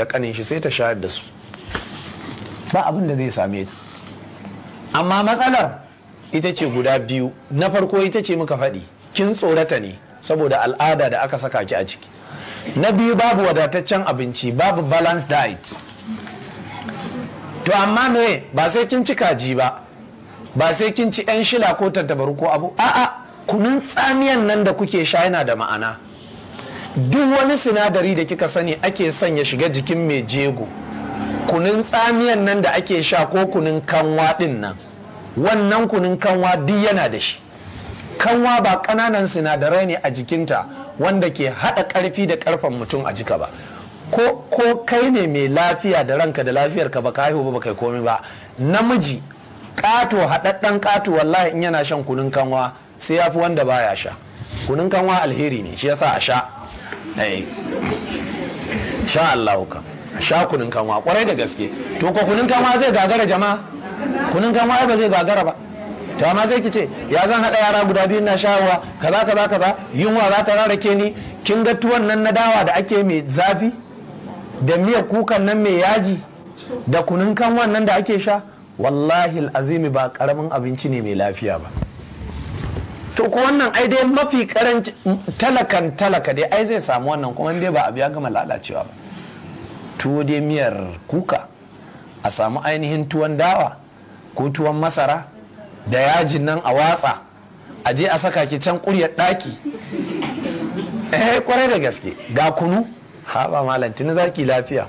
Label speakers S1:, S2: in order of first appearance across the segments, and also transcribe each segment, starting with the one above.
S1: da kanin shi sai ta shayar da su ba abin da zai same ta amma matsalar ita ce guda biyu na farko ita ce muka faɗi kin tsorata ne saboda al'ada da aka saka ki a ciki na biyu babu wadataccen abinci babu balanced diet to amma me ba sai kin ci kaji ba ba sai kin ci 'yan shila ko tattabaru ko abu a'a kunun tsamiyan nan da kuke sha yana da ma'ana duk wani sinadari da kika sani ake son ya shiga jikin mai jego kunun tsamiyan nan da ake sha ko kunun kanwa din nan wannan kunun kanwa duk yana da shi kanwa ba ƙananan sinadarai ne a jikinta wanda ke haɗa ƙarfi da ƙarfan mutum a jika ba ko, kai ne mai lafiya da ranka da lafiyarka ba ka haihu ba kai komai ba namiji ƙato haɗaɗɗen ƙato wallahi in yana shan kunun kanwa sai ya fi wanda baya sha kunun kanwa alheri ne shi yasa a sha Eh. sha Allahu kan, sha kunun kanwa kwarai da gaske to ko kunun kanwa zai gagara jama'a kunun kanwa ba zai gagara ba to amma sai ki ce ya zan haɗa yara guda biyu na shawarwa kaza kaza kaza yunwa za ta rarake ni kin ga tuwon nan na dawa da ake mai zafi da miyar kukan nan mai yaji da kunun kanwan nan da ake sha wallahi azimi ba karamin abinci ne mai lafiya ba to ko wannan ai dai mafi karanci talakan talaka dai ai zai samu wannan kuma dai ba abu ya gama lalacewa ba tuwo dai miyar kuka a samu ainihin tuwon dawa ko tuwon masara da yajin nan a watsa a je a saka ki can kuryar daki eh kwarai da gaske ga kunu ba malam tuni zaki lafiya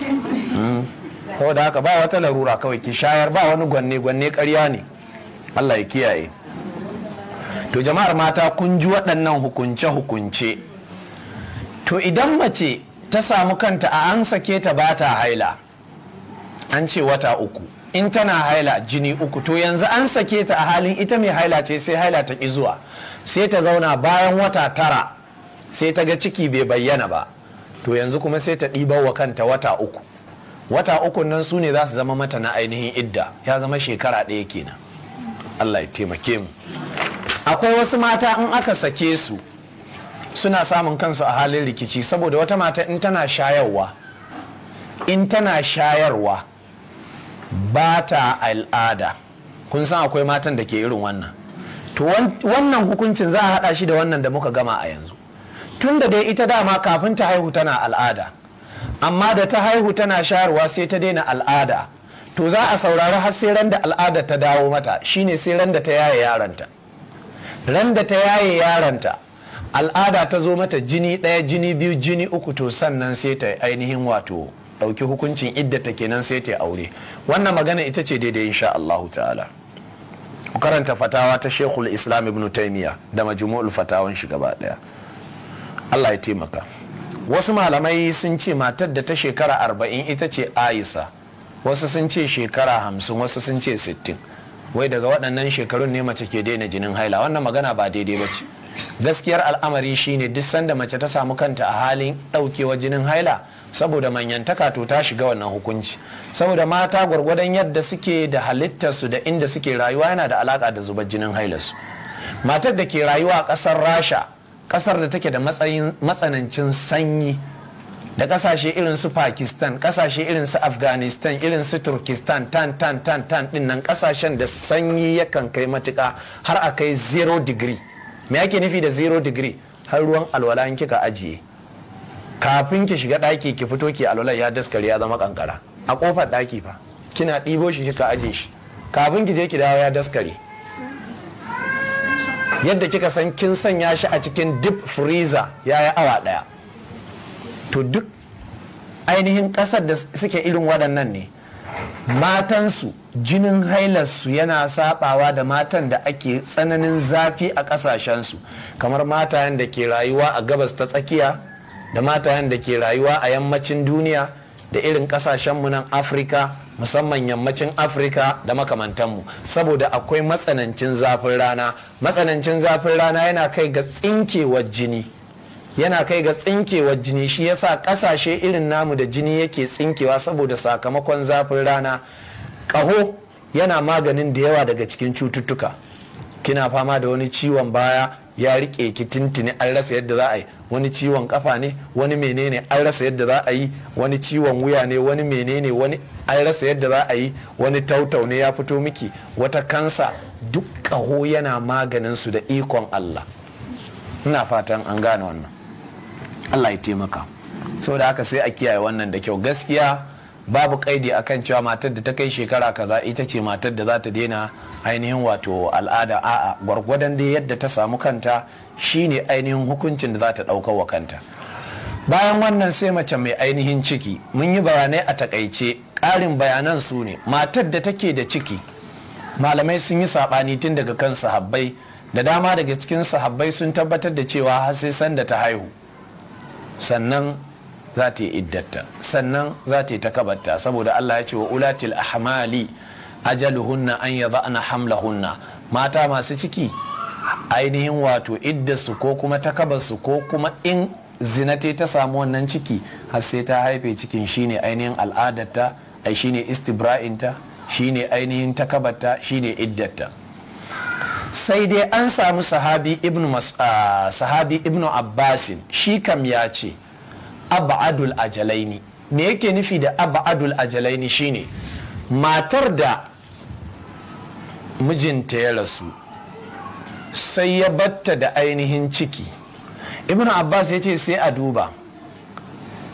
S1: ko hmm. da haka ba wata larura kawai ki shayar ba wani gwanne gwanne karya ne Allah ya kiyaye to jama'ar mata kun ji waɗannan hukunce-hukunce to idan mace ta samu kanta a an sake ta ba ta haila an ce wata uku in tana haila jini uku to yanzu an sake ta a halin ita mai haila ce sai haila ta ƙi zuwa sai ta zauna bayan wata tara sai ta ga ciki bai bayyana ba to yanzu kuma sai ta ɗibar wa kanta wata uku wata uku nan su ne za su zama mata na ainihin idda ya zama shekara ɗaya kenan allah ya taimake mu akwai wasu mata in aka sake su suna samun kansu a halin rikici saboda wata mata in tana shayarwa in tana shayarwa ba ta al'ada kun san akwai matan da ke irin wannan to wannan hukuncin za a haɗa shi da wannan da muka gama a yanzu tun da dai ita dama kafin ta haihu tana al'ada amma da ta haihu tana shayarwa sai ta daina al'ada to za a saurari har sai ran da al'ada ta dawo mata shine sai ran da ta yaye yaranta ran da ta yaye yaranta al'ada ta zo mata jini ɗaya jini biyu jini uku to sannan sai ta ainihin wato ɗauki hukuncin idda take kenan sai ta aure wannan magana ita ce daidai insha Allahu ta'ala ku karanta fatawa ta shekul islam ibn taimiya da majmu'ul fatawan shi gaba ɗaya Allah ya taimaka wasu malamai sun ce matar da ta shekara arba'in ita ce aisa wasu sun ce shekara hamsin wasu sun ce sittin wai daga waɗannan shekarun ne mace ke daina jinin haila wannan magana ba daidai ba ce gaskiyar al'amari shine duk sanda mace ta samu kanta a halin ɗaukewa jinin haila saboda manyantaka to ta shiga wannan hukunci saboda mata gwargwadon yadda suke da halittar su da inda suke rayuwa yana da alaka da zubar jinin su matar da ke rayuwa a ƙasar rasha ƙasar da take da matsanancin sanyi da kasashe irin su pakistan kasashe irin su afghanistan irin su turkistan tan tan tan tan din nan kasashen da sanyi yakan kai matuka har a kai zero degree me ake nufi da zero degree har ruwan alwala in kika ajiye kafin ki shiga daki ki fito ki alwala ya daskare ya zama kankara a kofar daki fa kina ɗibo shi kika ajiye shi kafin ki je ki dawo ya daskare yadda kika san kin sanya shi a cikin deep freezer yayi awa ɗaya to duk ainihin ƙasar da suke irin waɗannan ne matansu jinin hailarsu yana sabawa da matan da ake tsananin zafi a ƙasashensu kamar matayen da ke rayuwa a gabas ta tsakiya da matayen da ke rayuwa a yammacin duniya da irin ƙasashen mu nan afirka musamman yammacin afirka da makamantanmu saboda akwai matsanancin zafin rana matsanancin zafin rana yana kai ga tsinkewar jini yana kai ga tsinkewar jini shi yasa kasashe irin namu da jini yake tsinkewa saboda sakamakon zafin rana kaho yana maganin da yawa daga cikin cututtuka kina fama da wani ciwon baya ya rike ki tintini an rasa yadda za a yi wani ciwon kafa ne wani menene an rasa yadda za a yi wani ciwon wuya ne wani menene wani an rasa yadda za a yi wani tautau ne ya fito miki wata kansa duk kaho yana maganin su da ikon Allah ina fatan an gane wannan Allah ya taimaka so da haka sai a kiyaye wannan da kyau gaskiya babu kaidi akan cewa matar da ta kai shekara kaza ita ce matar da za ta daina ainihin wato al'ada a'a gwargwadon dai yadda ta samu kanta shine ainihin hukuncin da za ta dauka wa kanta bayan wannan sai mace mai ainihin ciki mun yi bayanai a takaice ƙarin bayanan su ne matar da take da ciki malamai sun yi saɓani tun daga kan sahabbai da dama daga cikin sahabbai sun tabbatar da cewa har sai sanda ta haihu sannan za ta yi iddatta sannan za ta yi takabarta saboda Allah ya ce wa ulatil ahmali ajaluhunna an hamla hunna mata masu ciki ainihin wato iddarsu ko kuma takabarsu ko kuma in zinate ta samu wannan ciki har sai ta haife cikin shine ainihin al'adarta ai shine istibra'inta shine ainihin takabarta shine iddarta. sai dai an samu sahabi ibn ah, sahabi ibn abbasin shi kam ya ce abadul ajalaini me yake nufi da abadul ajalaini shine matar da mijinta ya rasu sai ya batta da ainihin ciki ibn abbas ya ce sai a duba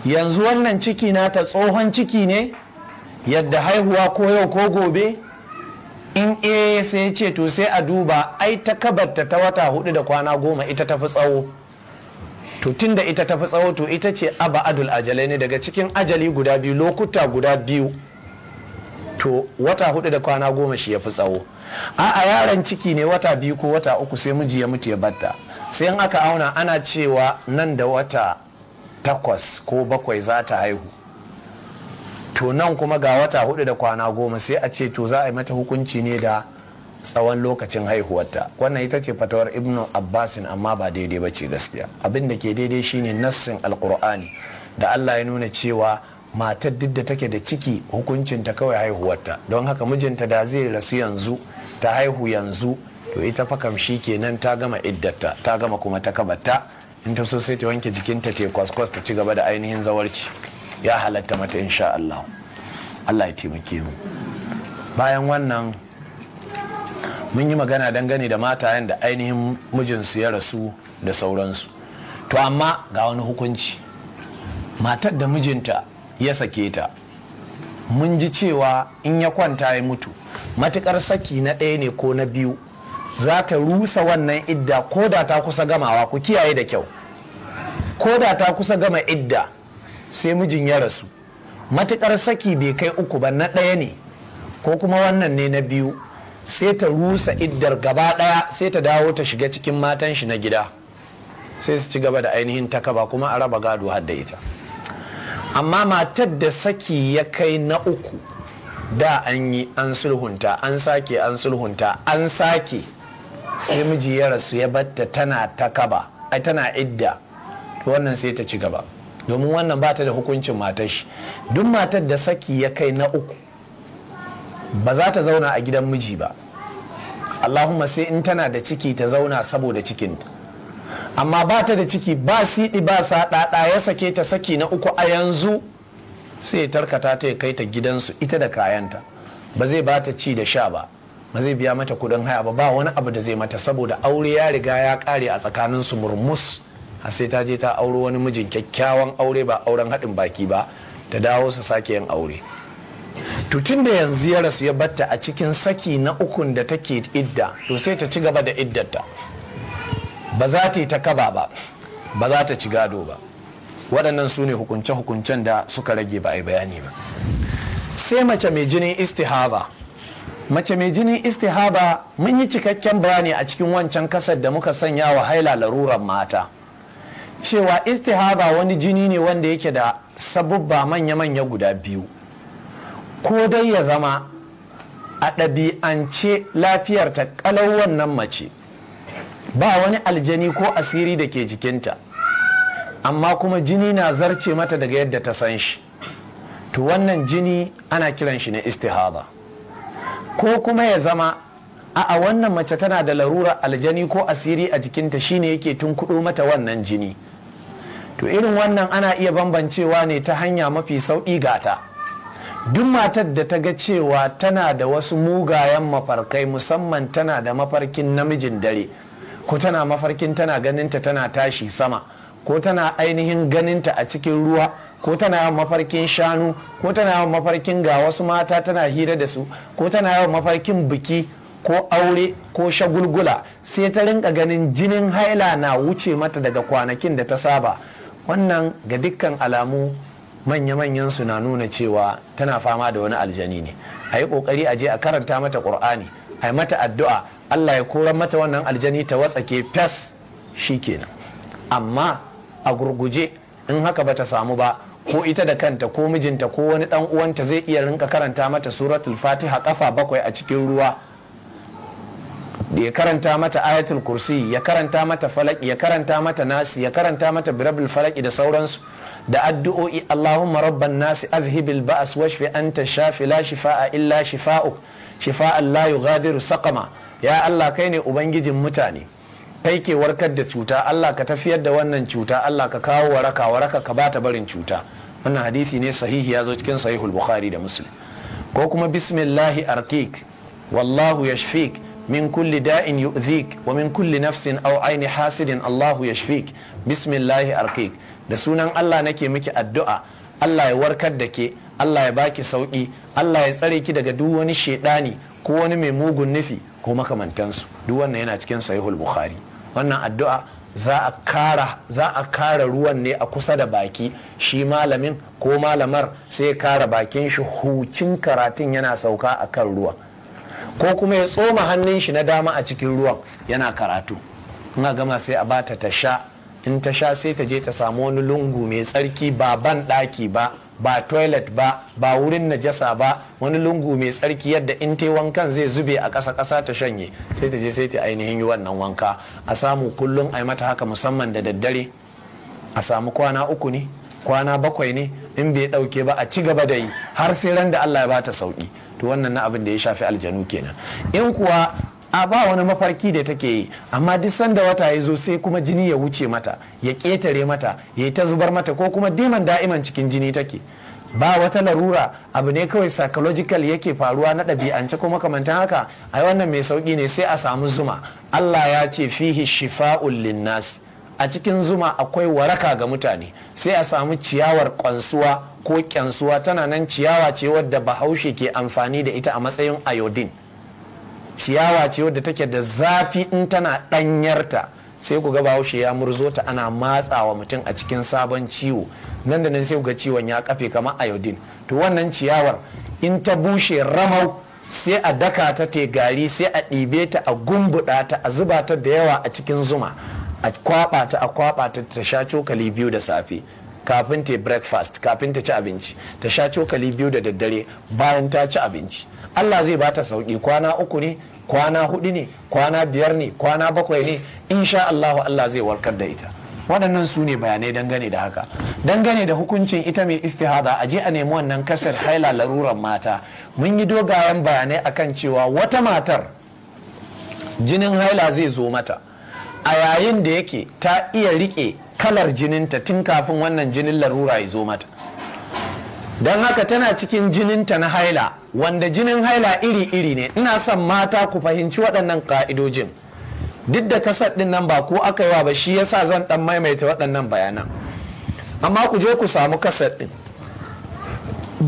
S1: yanzu wannan ciki ta tsohon ciki ne yadda haihuwa ko yau ko gobe in eh sai ce to sai a duba ai ta kabarta ta wata hudu da kwana goma ita tafi tsawo to tun da ita tafi tsawo to ita ce aba adul ajalai ne daga cikin ajali guda biyu lokuta guda biyu to wata hudu da kwana goma shi ya fi tsawo a a yaran ciki ne wata biyu ko wata uku sai miji ya mutu ya batta sai in aka auna ana cewa nan da wata takwas ko bakwai za ta haihu to nan kuma ga wata hudu da kwana goma sai a ce to za a yi mata hukunci ne da tsawon lokacin haihuwarta wannan ita ce fatawar ibnu abbasin amma ba daidai ba ce gaskiya abin da ke daidai shine nassin alkur'ani da allah ya nuna cewa matar duk da take da ciki hukuncinta kawai haihuwarta don haka mijinta da zai rasu yanzu ta haihu yanzu to ita fa kam shi kenan ta gama iddata ta gama kuma ta kabata in ta so sai ta wanke jikinta ta kwaskwas ta ci gaba da ainihin zawarci ya halatta mata insha Allah Allah ya taimake mu bayan wannan mun yi magana dangane da mata da ainihin mijinsu ya rasu da sauransu to amma ga wani hukunci matar da mijinta ya sake ta mun ji cewa in ya kwanta ya mutu matukar saki na ɗaya ne ko na biyu za ta rusa wannan idda ko da ta kusa gamawa ku kiyaye da kyau ko da ta kusa gama idda sai mijin ya rasu matukar saki bai kai uku ba na ɗaya ne ko kuma wannan ne na biyu sai ta rusa iddar gaba ɗaya sai ta dawo ta shiga cikin matan shi na gida sai su ci gaba da ainihin takaba kuma a raba gado har da ita amma matar da saki ya kai na uku da an yi an sulhunta an sake an sulhunta an sake sai miji ya rasu ya batta tana takaba ai tana idda to wannan sai ta ci gaba domin wannan ba ta da hukuncin matar shi duk matar da saki ya kai na uku ba za ta zauna a gidan miji ba allahumma sai in tana da ciki ta zauna saboda cikin amma ba ta da ciki ba siɗi ba sa ɗaɗa ya sake ta saki na uku a yanzu sai ya tarkata ta ya kai ta gidansu ita da kayanta ba zai ba ta ci da sha ba ba zai biya mata kudin haya ba ba wani abu da zai mata saboda aure ya riga ya kare a tsakaninsu murmus a sai ta je ta auro wani mijin kyakkyawan aure ba auren haɗin baki ba ta dawo su sake yin aure tutun da yanzu ya rasu ya batta a cikin saki na ukun da take idda to sai ta ci gaba da iddarta ba za ta yi ta kaba ba ba za ta ci gado ba waɗannan su ne hukunce-hukuncen da suka rage ba a bayani ba sai mace mai jinin istihaba mace mai jinin istihaba mun yi cikakken bayani a cikin wancan kasar da muka sanya wa haila laruran mata cewa istihada wani jini ne wanda yake da sabubba manya-manya guda biyu ko dai ya zama a ɗabi'ance lafiyar ta ƙalau wannan mace ba wani aljani ko asiri da ke jikinta amma kuma jini na zarce mata daga yadda ta san shi to wannan jini ana kiran shi na istihada ko kuma ya zama a wannan mace tana da larura aljani ko asiri a jikinta shine yake tun kuɗo mata wannan jini to irin wannan ana iya bambancewa ne ta hanya mafi sauƙi gata duk matar da ta ga cewa tana da wasu mugayen mafarkai musamman tana da mafarkin namijin dare ko tana mafarkin tana ganinta tana tashi sama ko tana ainihin ganinta a cikin ruwa ko tana yawan mafarkin shanu ko tana yawan mafarkin ga wasu mata tana hira da su ko tana yawan mafarkin biki ko aure ko shagulgula sai ta rinka ganin jinin haila na wuce mata daga kwanakin da ta saba wannan ga dukkan alamu manya-manyan su na nuna cewa tana fama da wani aljani ne a yi kokari a je a karanta mata qur'ani a yi mata addu'a allah ya koran mata wannan aljani ta watsake fes kenan amma a gurguje in haka ba ta samu ba ko ita da kanta ko mijinta ko wani dan uwanta zai iya rinka karanta mata suratul fatiha kafa bakwai a cikin ruwa da ya karanta mata ayatul kursi ya karanta mata falaki ya karanta mata nasi ya karanta mata birabil falaki da sauransu da addu'o'i Allahumma rabban nasi azhibil ba'as washfi anta shafi la shifa'a illa shifa shifa'an la yughadiru saqama ya Allah kai ne ubangijin mutane kai ke warkar da cuta Allah ka tafiyar da wannan cuta Allah ka kawo waraka waraka ka bata barin cuta wannan hadisi ne sahihi ya zo cikin sahihul bukhari da muslim ko kuma bismillahi arkik wallahu yashfik min kulli da'in yu'zik wa min kulle nafsin au aini hasidin Allahu yashfik bismillahi arkik da sunan Allah nake miki addu'a Allah ya warkar da ke Allah ya baki sauki Allah ya tsare ki daga duk wani shedani ko wani mai mugun nufi ko makamantansu duk wannan yana cikin sahihul bukhari wannan addu'a za a kara ruwan ne a kusa da baki shi malamin ko malamar sai kara bakin shi hucin karatun yana sauka a kan ruwa ko kuma ya tsoma hannun shi na dama a cikin ruwan yana karatu ina gama sai a bata ta sha in ta sha sai ta je ta samu wani lungu mai tsarki ba ban ɗaki ba ba toilet ba ba wurin najasa ba wani lungu mai tsarki yadda in ta wankan zai zube a ƙasa ƙasa ta shanye sai ta je sai ta ainihin yi wannan wanka a samu kullum a yi mata haka musamman da daddare a samu kwana uku ne kwana bakwai ne in bai ɗauke ba a ci gaba da yi har sai ran da Allah ya bata sauki to wannan na abin da ya shafi aljanu kenan in kuwa a ba wani mafarki da take yi amma duk sanda wata ya zo sai kuma jini ya wuce mata ya ƙetare mata ya ta zubar mata ko kuma diman da'iman cikin jini take ba wata larura abu ne kawai psychological yake faruwa na ɗabi'ance ko makamantan haka ai wannan mai sauƙi ne sai a samu zuma Allah ya ce fihi shifa'un linnas a cikin zuma akwai waraka ga mutane sai a samu ciyawar kwansuwa. ko kyansuwa tana nan ciyawa ce wadda bahaushe ke amfani da ita a matsayin iodine ciyawa ce wadda take da zafi in tana ɗanyarta sai ku ga bahaushe ya murzo ta ana matsawa mutum a cikin sabon ciwo nan da nan sai ku ga ciwon ya kafe kamar iodine to wannan ciyawar in ta bushe ramau sai a daka ta te gari sai a ɗibe ta a gumbuɗa ta a zuba ta da yawa a cikin zuma a kwaɓa ta a kwaɓa ta ta sha cokali biyu da safe kafin ta breakfast kafin ta ci abinci ta sha cokali biyu da daddare bayan ta ci abinci Allah zai bata sauki kwana uku ne kwana hudu ne kwana biyar ne kwana bakwai ne insha Allah Allah zai warkar da ita waɗannan su ne bayanai dangane da haka dangane da hukuncin ita mai istihada a je a nemi wannan kasar haila laruran mata mun yi dogayen bayanai akan cewa wata matar jinin haila zai zo mata a yayin da yake ta iya rike kalar jininta tun kafin wannan jinin larura ya zo mata don haka tana cikin jininta na haila wanda jinin haila iri-iri ne ina son mata ku fahimci waɗannan ƙa'idojin duk da kasar ɗin nan ba ko aka yi ba shi ya sa zan ɗan maimaita waɗannan bayanan amma ku je ku samu kasar ɗin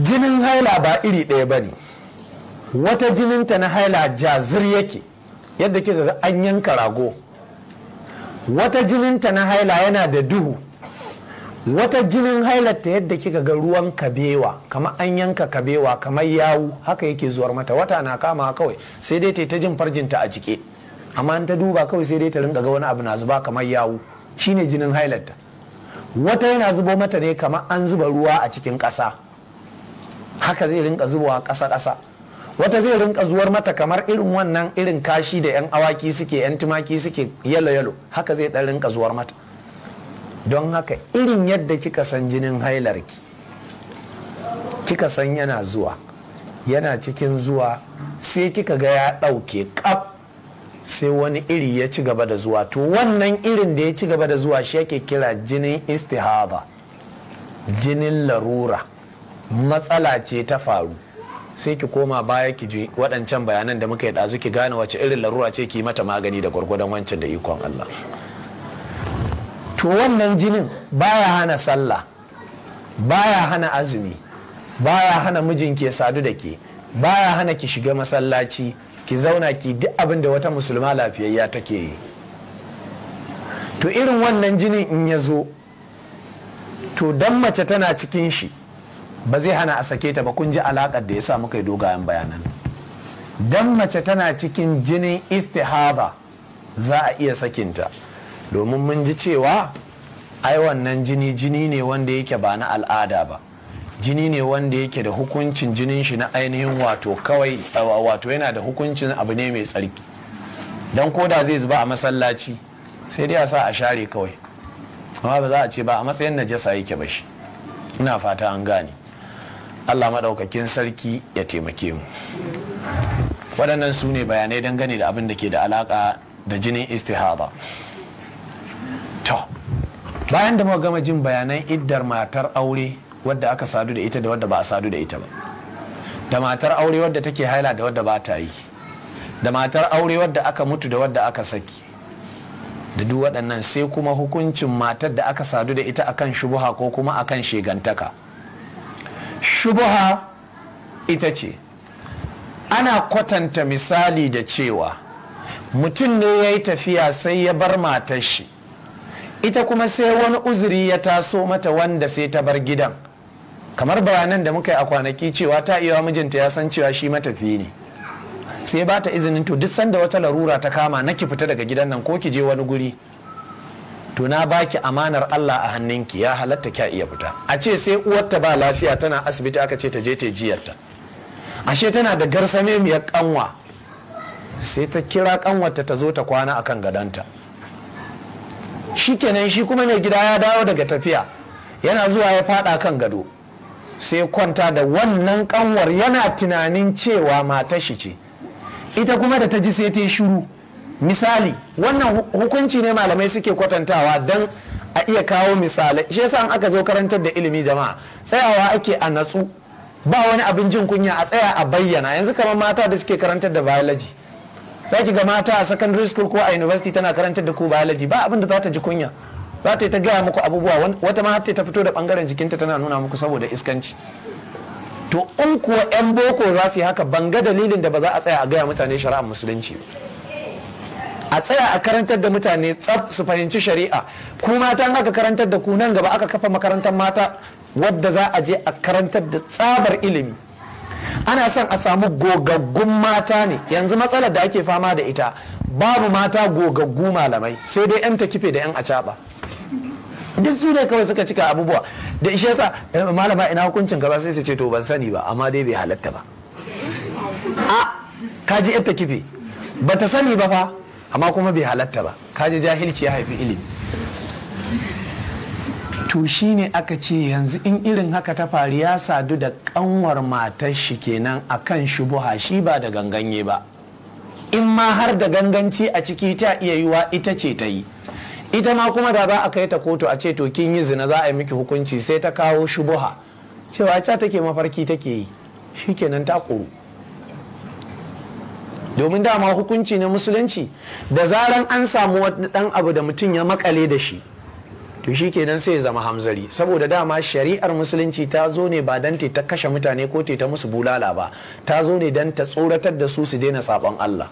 S1: jinin haila ba iri ɗaya ba ne wata jininta na haila jazir yake yadda kika ga an yanka rago wata jinin ta na haila yana da duhu wata jinin hailarta yadda kika ga ruwan kabewa kamar an yanka kabewa kamar yawu haka yake zuwar mata wata na kama kawai sai dai ta jin farjinta a jike amma an ta duba kawai sai dai ta rinka ga wani abu na zuba kamar yawu shine jinin hailarta wata yana zubo mata ne kamar an zuba ruwa a cikin ƙasa haka zai rinka zubawa ƙasa-ƙasa wata zai rinka zuwar mata kamar irin wannan irin kashi da 'yan awaki suke 'yan tumaki suke yalo yalo haka zai dan rinka zuwar mata don haka irin yadda kika san jinin hailarki kika san yana zuwa yana cikin zuwa sai kika ga ya ɗauke ƙaf sai wani iri ya ci gaba da zuwa to wannan irin da ya ci gaba da zuwa shi yake kira jinin istihaba jinin larura matsala ce ta faru sai ki koma baya ki ji waɗancan bayanan da muka yi ɗazu ki gane wace irin larura ce ki mata magani da gwargwadon wancan da ikon Allah to wannan jinin baya hana sallah baya hana azumi baya hana mijin ke sadu da ke baya hana ki shiga masallaci ki zauna ki duk abin da wata musulma lafiyayya take yi to irin wannan jinin in ya zo to don mace tana cikin shi ba zai hana a sake ta ba kun ji alaƙar da ya sa muka yi dogayen bayanan dan mace tana cikin jinin istihaba za a iya sakinta domin mun ji cewa ai wannan jini jini ne wanda yake ba na al'ada ba jini ne wanda yake da hukuncin jinin shi na ainihin wato kawai wato yana da hukuncin abu ne mai tsarki don koda zai zuba a masallaci sai dai a sa a share kawai amma ba za a ce ba a matsayin najasa yake ba shi ina fata an gane allah maɗaukakin sarki ya taimake mu waɗannan su ne bayanai dangane da abin da ke da alaƙa da jinin istihaba to bayan da muka gama jin bayanan iddar matar aure wadda aka sadu da ita da wadda ba a sadu da ita ba da matar aure wadda take haila da wadda ba ta yi da matar aure wadda aka mutu da wadda aka saki da duk waɗannan sai kuma hukuncin matar da aka sadu da ita akan shubuha ko kuma akan shegantaka shubuha ita ce ana kwatanta misali da cewa mutum ne ya yi tafiya sai ya bar matar shi ita kuma sai wani uzuri ya taso mata wanda sai ta bar gidan kamar bayanan da muka yi a kwanaki cewa ta iya mijinta ya san cewa shi matafi ne sai ba ta izinin to duk sanda wata larura ta kama na ki fita daga gidan nan ko ki je wani guri to na baki amanar Allah a hannunki ya halatta kya iya fita a ce sai uwarta ba lafiya tana asibiti aka ce ta je ta jiyarta ashe tana da garsame miyar kanwa sai ta kira kanwarta ta zo ta kwana akan gadanta kenan shi kuma mai gida ya dawo daga tafiya yana zuwa ya fada kan gado sai kwanta da wannan kanwar yana tunanin cewa matar shi ce ita kuma da ta ji sai ta yi shiru misali wannan hukunci ne malamai suke kwatantawa don a iya kawo misalai shi yasa aka zo karantar da ilimi jama'a tsayawa ake a natsu ba wani abin jin kunya a tsaya a bayyana yanzu kamar mata da suke karantar da biology za ki ga mata a secondary school ko a university tana karantar da ku biology ba abin da za ta ji kunya za ta yi ta gaya muku abubuwa wata ma ta fito da bangaren jikinta tana nuna muku saboda iskanci to in kuwa 'yan boko za su yi haka banga dalilin da ba za a tsaya a gaya mutane shari'ar musulunci ba a tsaya a karantar da mutane tsaf su fahimci shari'a ku matan aka karantar da ku nan gaba aka kafa makarantar mata wadda za a je a karantar da tsabar ilimi ana son a samu gogaggun mata ne yanzu matsalar da ake fama da ita babu mata gogaggu malamai sai dai 'yan ta kife da 'yan acaba duk su ne kawai suka cika abubuwa da ishe sa eh, malama ina hukuncin gaba sai su ce to ban sani ba amma dai bai halatta ba a kaji 'yan ta kife ba ta sani ba fa amma kuma bai halatta ba kaji jahilci ya haifi ilimi to shi ne aka ce yanzu in irin haka ta faru ya sadu da kanwar matar shi kenan a kan shubuha shi ba da ganganye ba in ma har da ganganci a ciki ta iya yiwa ita ce ta yi ita ma kuma da za a kai ta kotu a ce to kin yi zina za a yi miki hukunci sai ta kawo shubuha cewa ta take mafarki take yi shi shikenan ta ƙuru. domin dama hukunci na musulunci da zaran an samu wani dan abu da mutum ya makale da shi to shi kenan sai ya zama hamzari saboda dama shari'ar musulunci ta zo ne ba don ta kashe mutane ko ta musu bulala ba ta zo ne don ta tsoratar da su su daina sabon Allah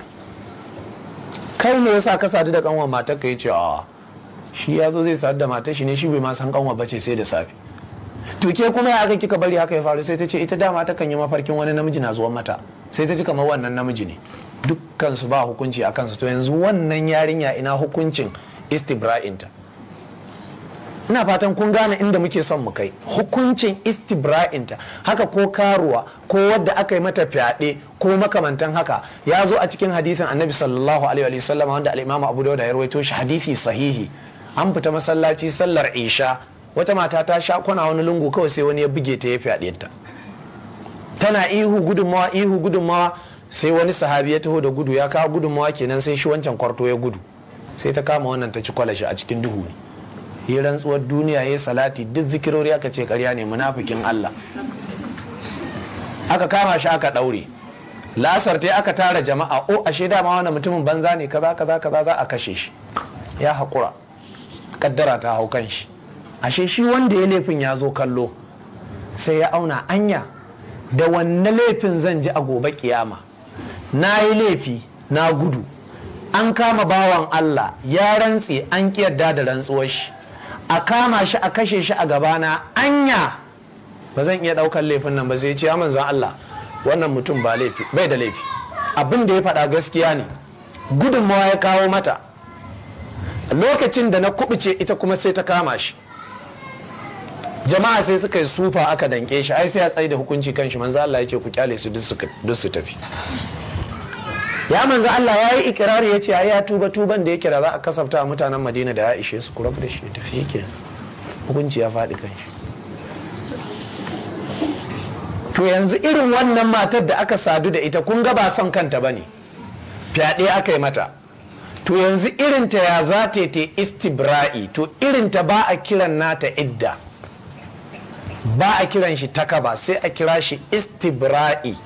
S1: kai ne yasa ka sadu da kanwar matar ka yace a shi ya zo zai sadu da matar shi ne shi bai ma san kanwa bace sai da safe to kuma ya ga kika bari haka ya faru sai ta ce ita dama ta kan yi mafarkin wani namiji na zuwan mata sai ta ci kamar wannan namiji ne dukkansu ba hukunci a kansu to yanzu wannan yarinya ina hukuncin istibra'inta ina fatan kun gane inda muke son mu kai hukuncin istibra'inta haka ko karuwa ko wadda aka yi mata fyaɗe ko makamantan haka ya zo a cikin hadisin annabi sallallahu alaihi wa sallam wanda al'imamu abu dauda ya rawaito shi hadisi sahihi an fita masallaci sallar isha wata mata ta sha kwana wani lungu kawai sai wani ya buge ta ya fyaɗe ta tana ihu gudunmawa ihu gudunmawa sai wani sahabi ya taho da gudu ya kawo gudunmawa kenan sai shi wancan kwarto ya gudu sai ta kama wannan ta ci kwalashi a cikin duhu ne yi rantsuwar duniya ya salati duk zikirori aka ce karya ne munafikin Allah aka kama shi aka ɗaure lasar ta aka tara jama'a o oh, ashe dama wani mutumin banza ne kaza kaza kaza za a kashe shi ya haƙura kaddara ta hau kan shi ashe shi wanda ya laifin ya zo kallo sai ya auna anya da wanne laifin zan ji a gobe kiyama na yi laifi na gudu an kama bawan Allah ya rantse an yarda da rantsuwar shi a kama shi a kashe shi a gabana anya ba zan iya ɗaukar laifin nan ba sai ce ya manzan Allah wannan mutum ba laifi bai da laifi abin da ya faɗa gaskiya ne gudunmawa ya kawo mata lokacin da na kubuce ita kuma sai ta kama shi jama'a sai suka yi sufa aka danke shi ai sai ya tsaye da hukunci kan shi manzo Allah ya ce ku kyale su duk su tafi ya manzo Allah ya yi ikirari ya ce ya tuba tuban da ya da za a kasafta a mutanen madina da ya ishe su ku da shi tafi yake hukunci ya faɗi kan shi to yanzu irin wannan matar da aka sadu da ita kun ga ba son kanta ba ne fyaɗe aka yi mata to yanzu ta ya za ta ta istibra'i to irinta ba a kiran nata idda ba a kiran shi takaba sai a kira shi istibra'i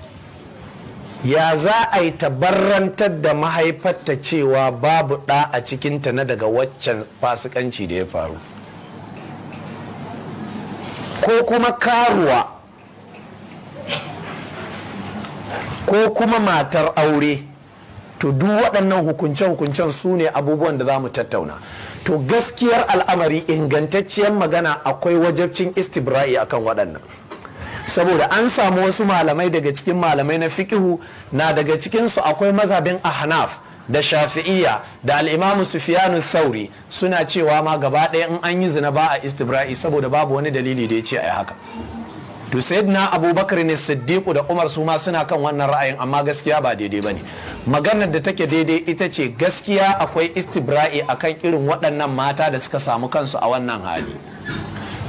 S1: ya za a yi tabarrantar da mahaifarta cewa babu ɗa a cikinta na daga waccan fasikanci da ya faru ko kuma karuwa ko kuma matar aure to duk waɗannan hukunce-hukuncen su ne abubuwan da za mu tattauna to gaskiyar al'amari ingantacciyar magana akwai wajabcin istibra'i akan waɗannan saboda an samu wasu malamai daga cikin malamai na fikihu na daga cikinsu akwai mazhabin ahnaf da shafi'iyya da al'imamu sufiyanu sauri suna cewa ma gaba ɗaya in an yi zina ba a istibra'i saboda babu wani dalili da ya ce a yi haka to sayyidina abubakar ne siddiqu da umar su ma suna kan wannan ra'ayin amma gaskiya ba daidai ba ne maganar da take daidai ita ce gaskiya akwai istibra'i akan irin waɗannan mata da suka samu kansu a wannan hali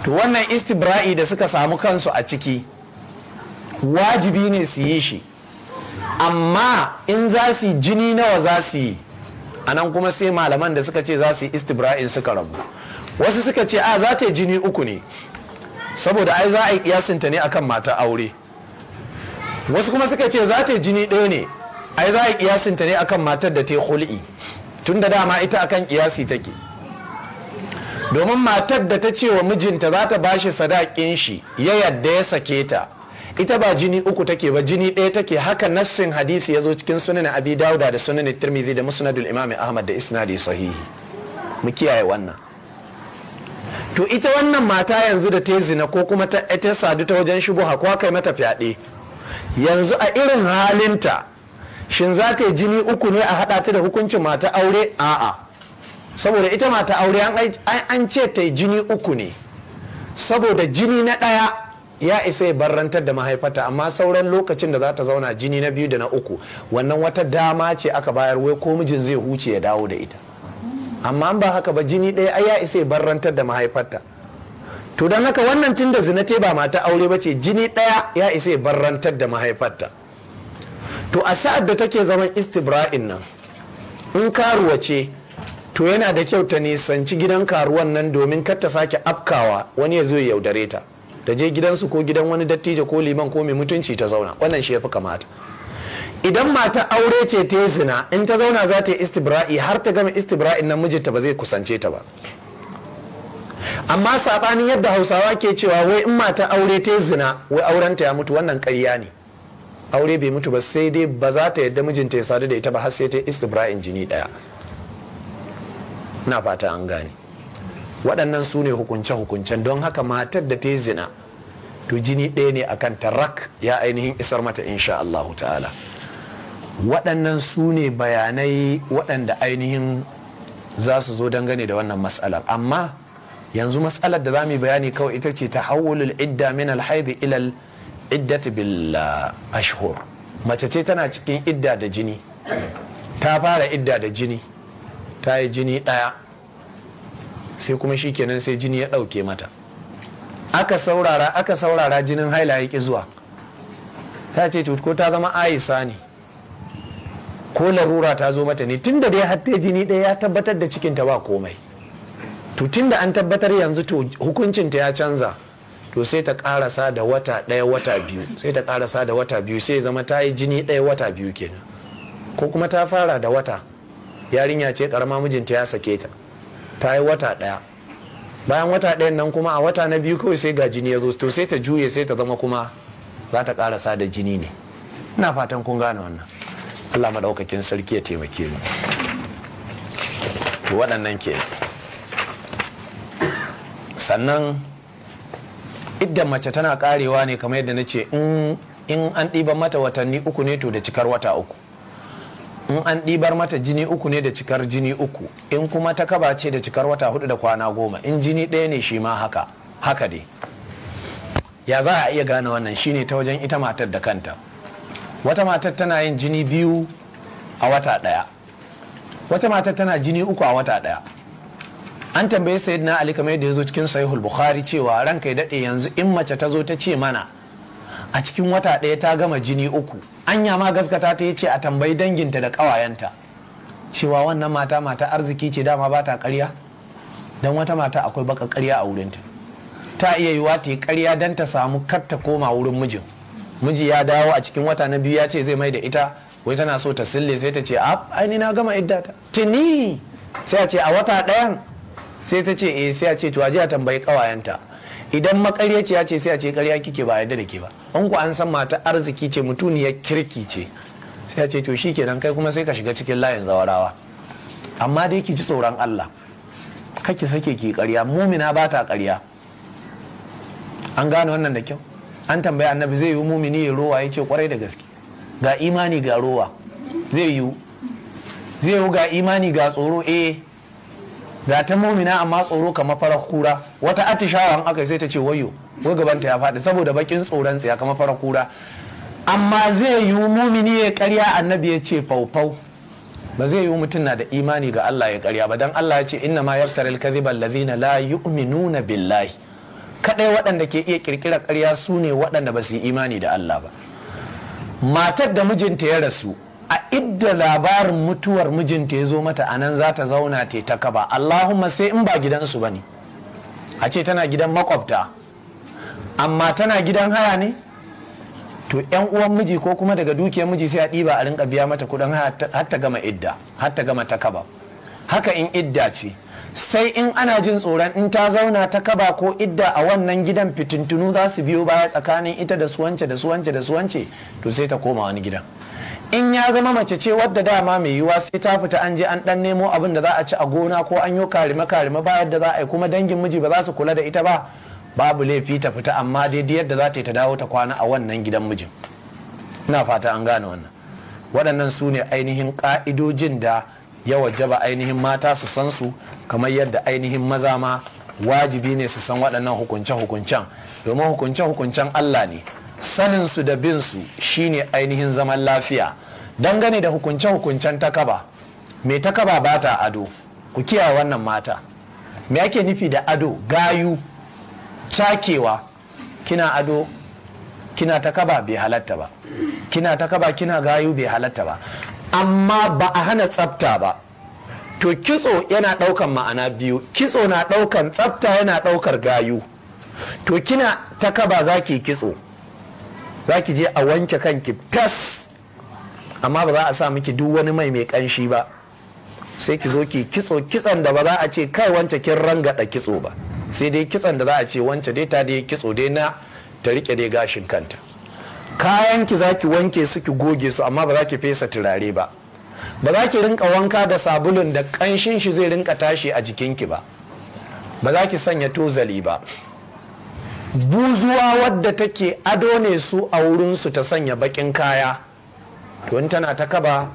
S1: to wannan istibra'i da suka samu kansu a ciki wajibi ne su yi shi amma in za su yi jini nawa za su yi a nan kuma sai malaman da suka ce za su yi istibra'in suka rabu wasu suka ce a za ta yi jini uku ne saboda ai za a yi kiyasinta ne akan mata aure wasu kuma suka ce za ta yi jini ɗaya ne ai za a yi kiyasinta ne akan matar da ta yi hul'i tun da dama ita akan kiyasi take domin matar da ta ce wa mijinta za ta ba shi sadakin shi ya yadda ya sake ta ita ba jini uku take ba jini ɗaya take haka nassin hadisi ya zo cikin sunan abi dauda da sunan tirmizi da musnadul imam ahmad da isnadi sahihi mu kiyaye wannan to ita wannan mata yanzu da ta zina ko kuma ta sadu ta wajen ha ko kai mata fyaɗe yanzu a irin halinta shin za ta yi jini uku ne a haɗa ta da hukuncin mata aure a'a saboda ita mata aure an ce ta jini uku ne saboda jini na ɗaya ya isa ya barrantar da mahaifata amma sauran lokacin da za ta zauna jini na biyu da na uku wannan wata dama ce aka bayar wai ko mijin zai huce ya dawo da ita amma ba haka ba jini ɗaya ya isa ya barrantar da mahaifata to don haka wannan tun da zinate ba mata aure ba ce jini ɗaya ya isa ya barrantar da mahaifata to a sa'ad da take zaman istibra'in nan in karuwa ce to yana da kyau ta nisanci gidan karuwan nan domin kar ta sake afkawa wani ya zo ya yaudare ta ta je gidansu ko gidan wani dattijo ko liman ko mai mutunci ta zauna wannan shi ya fi kamata idan mata aure ce ta zina in ta zauna za ta yi istibra'i har ta gama istibra'in nan mijinta ba zai kusance ta ba amma saɓanin yadda hausawa ke cewa wai in mata aure ta zina wai aurenta ya mutu wannan karya ne aure bai mutu ba sai dai ba za ta yadda mijinta ya sadu da ita ba har sai ta istibra'in jini ɗaya. na fata an gane waɗannan su ne hukunce-hukuncen don haka matar da ta zina to jini ɗaya ne akan tarak ya ainihin isar mata insha Allah ta'ala waɗannan su ne bayanai waɗanda ainihin za su zo dangane da wannan matsalar amma yanzu matsalar da za mu bayani kawai ita ce ta hawulul idda min alhaidi ilal iddati bil ashhur mace ce tana cikin idda da jini ta fara idda da jini ta yi jini ɗaya sai kuma shi kenan sai jini ya ɗauke mata aka saurara aka saurara jinin haila ya ƙi zuwa ta ce ko ta zama aisa ne ko larura ta zo mata ne tunda dai hatta jini ɗaya ya tabbatar da cikinta ba komai to tunda an tabbatar yanzu to hukuncinta ya canza to sai ta karasa da wata ɗaya wata biyu sai ta karasa da wata biyu sai zama ta yi jini ɗaya wata biyu kenan ko kuma ta fara da wata yarinya ce karama mijinta ya sake ta ta yi wata ɗaya bayan wata ɗayan nan kuma a wata na biyu kawai sai ga jini ya zo to sai ta juye sai ta zama kuma za ta karasa da jini ne ina fatan kun gane wannan allah maɗaukakin sarki ya taimake mu waɗannan ke sannan idan mace tana karewa ne kamar yadda na ce in an ɗiban mata watanni uku ne to da cikar wata uku in an ɗibar mata jini uku ne da cikar jini uku in kuma ta kaba ce da cikar wata hudu da kwana goma in jini ɗaya ne shi ma haka haka dai ya za a iya gane wannan Shi ne ta wajen ita matar da kanta wata matar tana yin jini biyu a wata ɗaya wata matar tana jini uku a wata ɗaya an tambaye sayyidina ali kamar ya zo cikin sahihul bukhari cewa ranka ya daɗe yanzu in mace ta zo ta ce mana a cikin wata ɗaya ta gama jini uku anya ma gaskata ta yace a tambayi danginta da ƙawayenta cewa wannan mata mata arziki ce dama ba ta ƙarya don wata mata akwai baka ƙarya a wurinta ta iya yiwa ta yi ƙarya don ta samu kar ta koma wurin mijin miji ya dawo a cikin wata na biyu ya ce zai mai da ita wai tana so ta sille sai ta ce a aini na gama iddata tuni sai a ce a wata ɗayan sai ta ce eh sai a ce to a tambayi ƙawayenta idan makaryaciya ce sai a ce karya kike ba yadda da ke ba an ku an san mata arziki ce mutuniyar kirki ce sai a ce to shi kenan kai kuma sai ka shiga cikin layin zawarawa amma dai ki ji tsoron Allah kake sake ki karya mumina ba ta karya an gane wannan da kyau an tambaya annabi zai yi mumini ya rowa ya ce kwarai da gaske ga imani ga rowa zai yi zai yi ga imani ga tsoro eh da ta mumina amma tsoro kamar farar kura wata an aka sai ta ce wayo wai gabanta ya faɗi saboda bakin tsoron tsaya kamar farar kura amma zai yi mumini ya karya annabi ya ce faufau ba zai yi mutum na da imani ga Allah ya karya ba dan Allah ya ce inna ma yaftaril kadhiba alladhina la yu'minuna billahi kadai waɗanda ke iya kirkira karya su ne waɗanda ba su yi imani da Allah ba matar da mijinta ya rasu idda labarin mutuwar mijinta ya zo mata a nan za ta zauna ta ta kaba allahumma sai in ba gidansu ba ne a ce tana gidan makwabta amma tana gidan haya ne to yan uwan miji ko kuma daga dukiyar miji sai a ɗiba a rinka biya mata kudin haya har ta gama idda har ta gama ta kaba haka in idda ce sai in ana jin tsoron in ta zauna ta kaba ko idda a wannan gidan fitintunu za su biyo baya tsakanin ita da suwance da suwance da suwance to sai ta koma wani gidan in ya zama mace ce wadda dama mai yiwuwa sai ta fita an je an dan nemo abin da za a ci a gona ko an yi karima-karima ba yadda za a yi kuma dangin miji ba za su kula da ita ba babu laifi ta fita amma daidai yadda za ta yi ta dawo ta kwana a wannan gidan mijin ina fata an gane wannan waɗannan su ne ainihin ka'idojin da ya wajaba ainihin mata su san su kamar yadda ainihin maza ma wajibi ne su san waɗannan hukunce-hukuncen domin hukunce-hukuncen Allah ne saninsu da binsu shine ainihin zaman lafiya dangane da hukunce-hukuncen takaba mai takaba ba ta ado ku kiyaye wannan mata me ake nufi da ado gayu cakewa kina ado kina takaba bai halatta ba kina takaba kina gayu bai halatta ba amma ba a hana tsafta ba to kitso yana ɗaukan ma'ana biyu kitso na ɗaukan tsafta yana ɗaukar gayu to kina takaba za ki kitso za ki je a wanke kanki tas amma ba za a sa miki duk wani mai mai kanshi ba sai ki zo ki kitso kitson da ba za a ce kai wance kin rangada kitso ba sai dai kitson da za a ce wance dai ta dai kitso dai na ta rike dai gashin kanta kayan ki za wanke su ki goge su amma ba za ki fesa turare ba ba za ki rinka wanka da sabulun da kanshin shi zai rinka tashi a jikinki ba ba za ki sanya tozali ba buzuwa wadda take ado ne su a wurinsu ta sanya bakin kaya to in tana ta kaba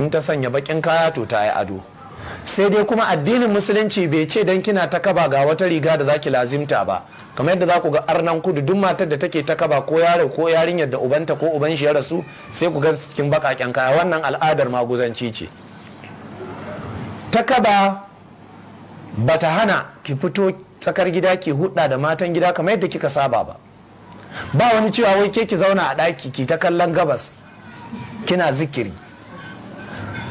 S1: in ta sanya bakin kaya to ta yi ado sai dai kuma addinin musulunci bai ce dan kina ta kaba ga wata riga da zaki lazimta ba kamar yadda za ku ga arnan kudu duk matar da take ta kaba ko yaro ko yarinyar da ubanta ko uban shi ya rasu sai ku ga cikin bakaken kaya wannan al'adar maguzanci ce ta kaba bata hana ki fito tsakar gida ke hudda da matan gida kamar yadda kika saba ba ba wani cewa wai ke ki zauna a ɗaki ki ta kallon gabas kina zikiri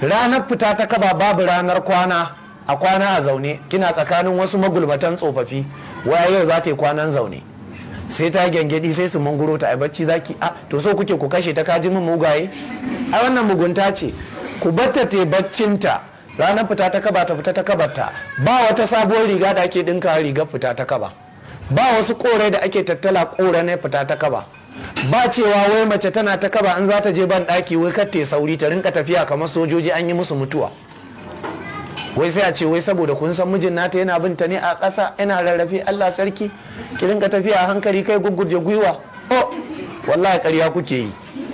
S1: ranar fita ta kaba babu ranar kwana a kwana a zaune kina tsakanin wasu magulbatan tsofaffi waya yau za ta yi kwanan zaune sai ta gyangyaɗi sai su mangoro ta a bacci za ki a ah, to so kuke ku kashe ta kaji min mugaye a wannan mugunta ce ku batta ta baccinta ranar fita ta kaba ta fita ta ta ba wata sabuwar riga da ake dinka rigar fita ta kaba ba wasu korai da ake tattala kore na fita ta kaba ba cewa wai mace tana ta kaba in za ta je ban daki wai kar ta sauri ta rinka tafiya kamar sojoji an yi musu mutuwa wai sai a ce wai saboda kun san mijin nata yana bin ta ne a ƙasa yana rarrafe Allah sarki ki rinka tafiya a hankali kai gugguje gwiwa oh wallahi ƙarya kuke yi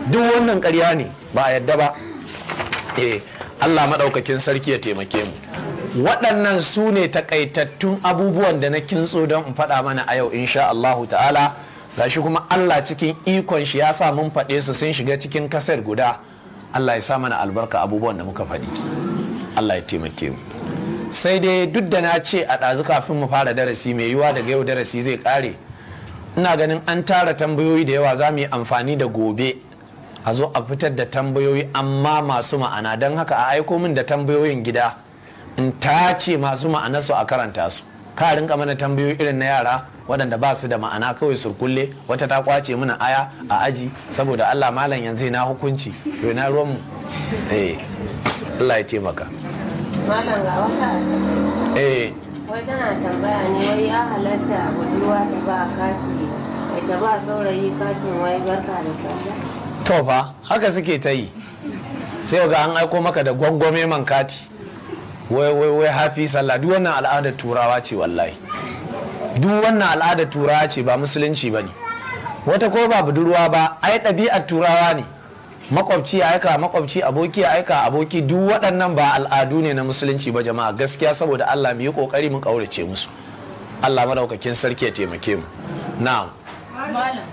S1: duk wannan ƙarya ne ba a yadda ba eh Allah maɗaukakin sarki ya taimake mu waɗannan su ne takaitattun abubuwan da na kintso don in faɗa mana a yau insha Allahu ta'ala shi kuma Allah cikin ikon shi ya sa mun faɗe su sun shiga cikin kasar guda Allah ya sa mana albarka abubuwan da muka faɗi Allah ya taimake mu sai dai duk da na ce a ɗazu kafin mu fara darasi mai yiwa daga yau darasi zai ƙare ina ganin an tara tambayoyi da yawa za mu yi amfani da gobe a zo a fitar da tambayoyi amma masu ma'ana don haka a aiko min da tambayoyin gida in ta ce masu ma'ana su a karanta su ka rinka mana tambayoyi irin na yara waɗanda ba su da ma'ana kawai kulle wata ta kwace mana aya a aji saboda allah malam yanzu na hukunci to na ruwanmu eh allah ya taimaka malam ga wata eh wai tana tambaya ne wai ya halatta budurwa ta ba kati ita ba saurayi katin wai barka da sallah to fa haka suke ta yi sai ga an aiko maka da gwangwame man kati wai wai wai hafi sallah duk wannan al'adar turawa ce wallahi duk wannan al'adar turawa ce ba musulunci ba ne wata ko ba budurwa ba ai ɗabi'ar turawa ne makwabci ya aika makwabci aboki ya aika aboki duk waɗannan ba al'adu ne na musulunci ba jama'a gaskiya saboda Allah mu yi kokari mu ƙaurace musu Allah madaukakin sarki ya taimake mu na'am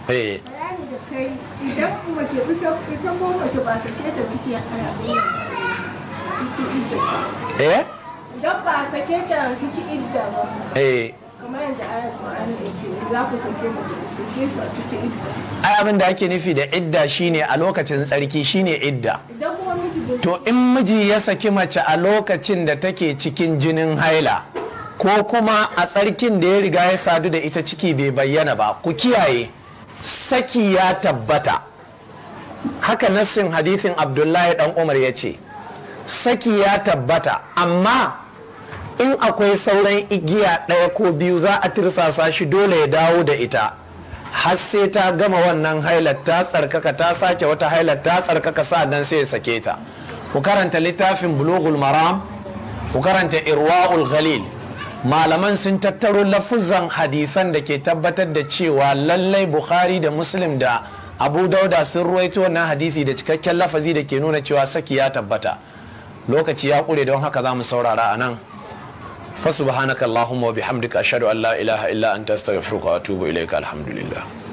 S1: eh. idan mace ita ita ko mace ba sake ta ciki a ciki idda eh idan ba sake ta ciki idda ba eh kamar yadda ayar Qur'ani ya ce za ku sake mace ku sake su a ciki idda ai abin da ake nufi da idda shine a lokacin tsarki shine idda idan kuma miji to in miji ya saki mace a lokacin da take cikin jinin haila ko kuma a tsarkin da ya riga ya sadu da ita ciki bai bayyana ba ku kiyaye saki ya tabbata haka nassin hadithin abdullahi dan umar ya ce saki ya tabbata amma in akwai sauran igiya ɗaya ko biyu za a tirsasa shi dole ya dawo da ita har sai ta gama wannan hailar ta tsarkaka ta sake wata hailar ta tsarkaka sa dan sai ya sake ta ku karanta littafin bulogul maram ku karanta irwa'ul ghalil malaman sun tattaro lafuzan hadisan da ke tabbatar da cewa lallai bukhari da muslim da abu dauda sun ruwaito wannan hadisi da cikakken lafazi da ke nuna cewa saki ya tabbata lokaci ya kure don haka za mu saurara a nan fa subhanakallahumma wa bihamdika ashhadu an la ilaha illa anta astaghfiruka wa atubu ilaika alhamdulillah